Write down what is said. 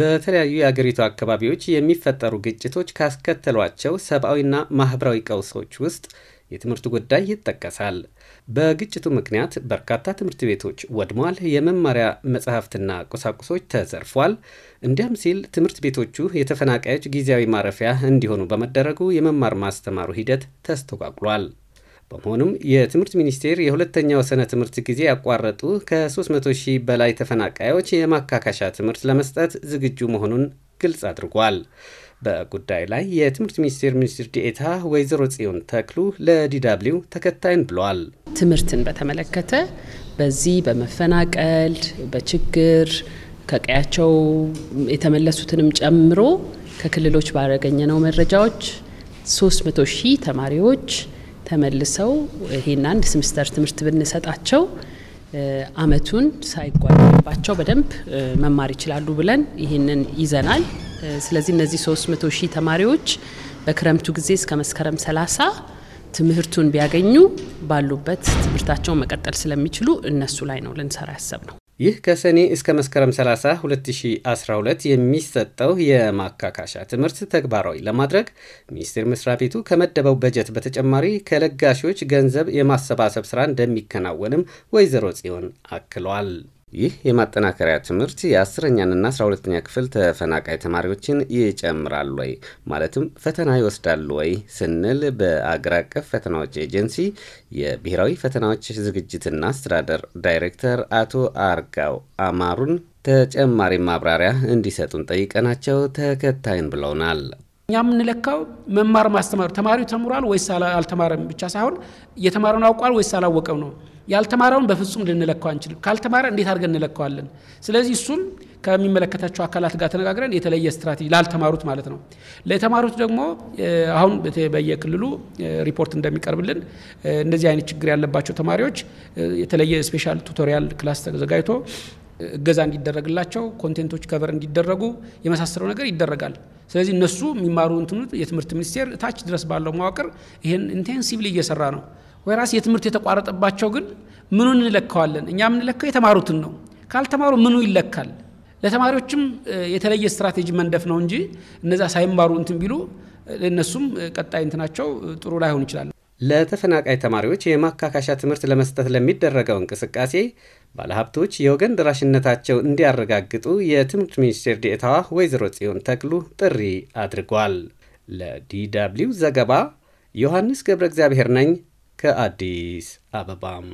በተለያዩ የአገሪቱ አካባቢዎች የሚፈጠሩ ግጭቶች ካስከተሏቸው ሰብአዊና ማኅበራዊ ቀውሶች ውስጥ የትምህርት ጉዳይ ይጠቀሳል። በግጭቱ ምክንያት በርካታ ትምህርት ቤቶች ወድሟል፣ የመማሪያ መጽሐፍትና ቁሳቁሶች ተዘርፏል። እንዲያም ሲል ትምህርት ቤቶቹ የተፈናቃዮች ጊዜያዊ ማረፊያ እንዲሆኑ በመደረጉ የመማር ማስተማሩ ሂደት ተስተጓጉሏል። በመሆኑም የትምህርት ሚኒስቴር የሁለተኛው ሰነ ትምህርት ጊዜ ያቋረጡ ከ300 ሺህ በላይ ተፈናቃዮች የማካካሻ ትምህርት ለመስጠት ዝግጁ መሆኑን ግልጽ አድርጓል። በጉዳዩ ላይ የትምህርት ሚኒስቴር ሚኒስትር ዴኤታ ወይዘሮ ጽዮን ተክሉ ለዲዳብሊው ተከታይን ብለዋል። ትምህርትን በተመለከተ በዚህ በመፈናቀል በችግር ከቀያቸው የተመለሱትንም ጨምሮ ከክልሎች ባረገኘነው መረጃዎች 300 ሺህ ተማሪዎች ተመልሰው ይሄን አንድ ስምስተር ትምህርት ብንሰጣቸው አመቱን ሳይጓደልባቸው በደንብ መማር ይችላሉ ብለን ይህንን ይዘናል። ስለዚህ እነዚህ 300 ሺህ ተማሪዎች በክረምቱ ጊዜ እስከ መስከረም 30 ትምህርቱን ቢያገኙ ባሉበት ትምህርታቸውን መቀጠል ስለሚችሉ እነሱ ላይ ነው ልንሰራ ያሰብ ነው። ይህ ከሰኔ እስከ መስከረም 30 2012 የሚሰጠው የማካካሻ ትምህርት ተግባራዊ ለማድረግ ሚኒስቴር መስሪያ ቤቱ ከመደበው በጀት በተጨማሪ ከለጋሾች ገንዘብ የማሰባሰብ ስራ እንደሚከናወንም ወይዘሮ ጽዮን አክሏል። ይህ የማጠናከሪያ ትምህርት የአስረኛንና አስራ ሁለተኛ ክፍል ተፈናቃይ ተማሪዎችን ይጨምራል ወይ ማለትም ፈተና ይወስዳሉ ወይ ስንል በአገር አቀፍ ፈተናዎች ኤጀንሲ የብሔራዊ ፈተናዎች ዝግጅትና አስተዳደር ዳይሬክተር አቶ አርጋው አማሩን ተጨማሪ ማብራሪያ እንዲሰጡን ጠይቀናቸው ተከታይን ብለውናል። እኛ የምንለካው መማር ማስተማር ተማሪው ተምሯል ወይስ አልተማረም ብቻ ሳይሆን የተማረውን አውቋል ወይስ አላወቀም ነው። ያልተማረውን በፍጹም ልንለካው አንችልም። ካልተማረ እንዴት አድርገን እንለካዋለን? ስለዚህ እሱን ከሚመለከታቸው አካላት ጋር ተነጋግረን የተለየ ስትራቴጂ ላልተማሩት ማለት ነው። ለተማሩት ደግሞ አሁን በየክልሉ ሪፖርት እንደሚቀርብልን እንደዚህ አይነት ችግር ያለባቸው ተማሪዎች የተለየ ስፔሻል ቱቶሪያል ክላስ ተዘጋጅቶ እገዛ እንዲደረግላቸው፣ ኮንቴንቶች ከቨር እንዲደረጉ የመሳሰለው ነገር ይደረጋል። ስለዚህ እነሱ የሚማሩ እንትኑ የትምህርት ሚኒስቴር ታች ድረስ ባለው መዋቅር ይህን ኢንቴንሲቭሊ እየሰራ ነው። ራስ የትምህርት የተቋረጠባቸው ግን ምኑን እንለካዋለን? እኛ የምንለካው የተማሩትን ነው። ካልተማሩ ምኑ ይለካል? ለተማሪዎችም የተለየ ስትራቴጂ መንደፍ ነው እንጂ እነዛ ሳይማሩ እንትን ቢሉ ለእነሱም ቀጣይ እንትናቸው ጥሩ ላይሆን ይችላል። ለተፈናቃይ ተማሪዎች የማካካሻ ትምህርት ለመስጠት ለሚደረገው እንቅስቃሴ ባለሀብቶች የወገን ደራሽነታቸው እንዲያረጋግጡ የትምህርት ሚኒስቴር ዴኤታዋ ወይዘሮ ጽዮን ተክሉ ጥሪ አድርጓል። ለዲደብሊው ዘገባ ዮሐንስ ገብረ እግዚአብሔር ነኝ ከአዲስ አበባም